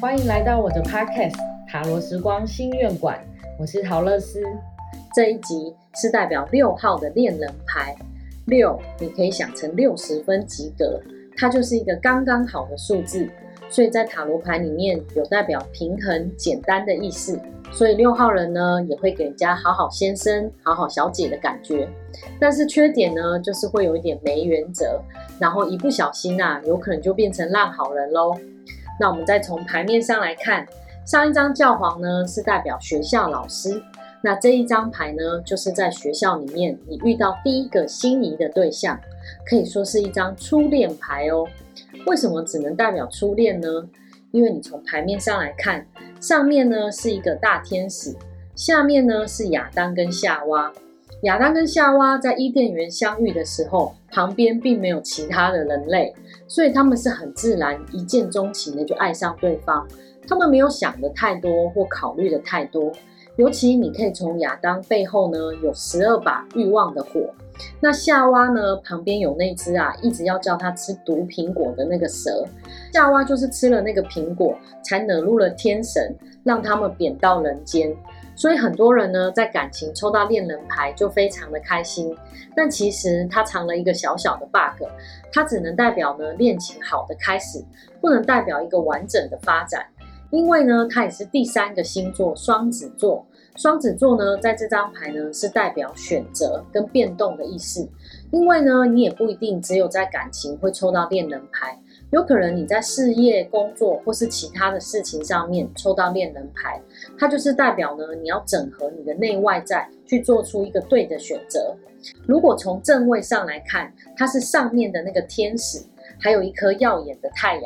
歡迎來到我的 podcast 塔羅食光心願館，我是桃樂絲。這一集是代表六號的戀人牌，六你可以想成六十分及格，它就是一個剛剛好的數字，所以在塔羅牌裡面有代表平衡、簡單的意思。所以六號人呢，也會給人家好好先生、好好小姐的感覺，但是缺點呢，就是會有一點沒原則，然後一不小心啊，有可能就變成爛好人嘍。那我們再從牌面上來看，上一張教皇呢是代表學校老師，那這一張牌呢就是在學校裡面，你遇到第一個心儀的對象，可以說是一張初戀牌哦。為什麼只能代表初戀呢？因為你從牌面上來看，上面呢是一個大天使，下面呢是亞當跟夏娃。亞當跟夏娃在伊甸園相遇的時候，旁邊並沒有其他的人類，所以他們是很自然一見鍾情地就愛上對方。他們沒有想得太多或考慮得太多。尤其你可以從亞當背後呢有十二把欲望的火，那夏娃呢旁邊有那隻啊一直要叫他吃毒蘋果的那個蛇。夏娃就是吃了那個蘋果，才惹怒了天神，讓他們貶到人間。所以很多人呢，在感情抽到戀人牌就非常的開心，但其實它藏了一個小小的 bug，它只能代表呢戀情好的開始，不能代表一個完整的發展，因為呢，它也是第三個星座，雙子座，雙子座呢，在這張牌呢是代表選擇跟變動的意思，因為呢，你也不一定只有在感情會抽到戀人牌。有可能你在事業、工作或是其他的事情上面抽到戀人牌，它就是代表呢，你要整合你的內外在，去做出一個對的選擇。如果從正位上來看，它是上面的那個天使，還有一顆耀眼的太陽。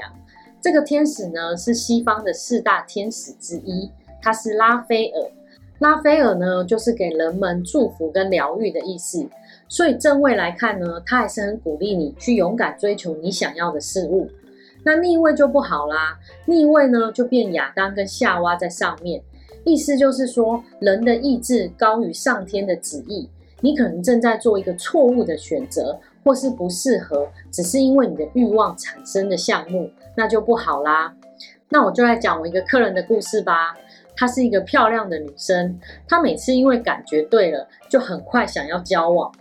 這個天使呢，是西方的四大天使之一，它是拉斐爾。拉斐爾呢，就是給人們祝福跟療癒的意思。所以正位來看呢，他還是很鼓勵你去勇敢追求你想要的事物。那逆位就不好啦，逆位呢就變亞當跟夏娃在上面，意思就是說人的意志高於上天的旨意。你可能正在做一個錯誤的選擇，或是不適合，只是因為你的慾望產生的項目，那就不好啦。那我就來講我一個客人的故事吧。她是一個漂亮的女生，她每次因為感覺對了，就很快想要交往。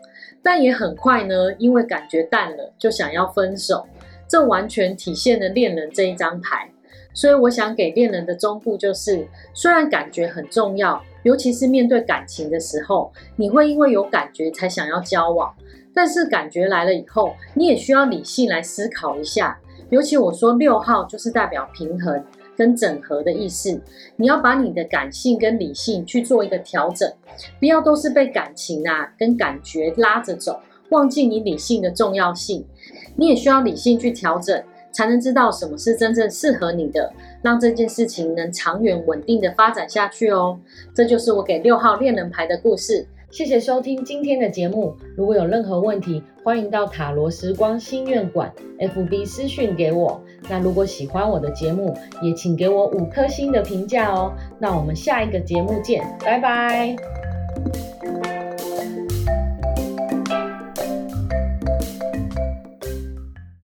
但也很快呢，因為感覺淡了，就想要分手。這完全體現了戀人這一張牌。所以我想給戀人的忠告就是：雖然感覺很重要，尤其是面對感情的時候，你會因為有感覺才想要交往，但是感覺來了以後，你也需要理性來思考一下。尤其我說六號就是代表平衡。跟整合的意思，你要把你的感性跟理性去做一個調整，不要都是被感情啊跟感覺拉着走，忘記你理性的重要性。你也需要理性去調整，才能知道什麼是真正適合你的，讓這件事情能長遠穩定的發展下去哦。這就是我給六號戀人牌的故事。謝謝收聽今天的節目。如果有任何問題，歡迎到塔羅食光心願館 FB 私訊給我。那如果喜歡我的節目，也請給我五顆星的評價哦。那我們下一個節目見，拜拜。